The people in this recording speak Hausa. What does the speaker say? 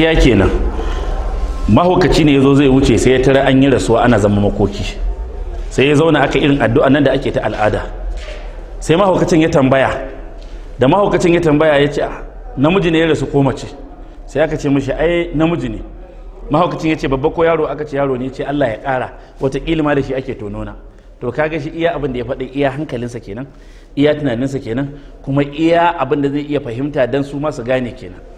gaskiya kenan mahaukaci ne ya zai wuce sai ya tara an yi rasuwa ana zama makoki sai ya zauna aka irin addu'a nan da ake ta al'ada sai mahaukacin ya tambaya da mahaukacin ya tambaya ya ce ah, namiji ne ya rasu ko mace sai aka ce mishi ai namiji ne mahaukacin ya ce babba ko yaro aka ce yaro ne ya ce Allah ya kara wata ma da shi ake tonona to kaga shi iya abin da ya faɗi iya hankalinsa kenan iya tunaninsa kenan kuma iya abin da zai iya fahimta don su masu gane kenan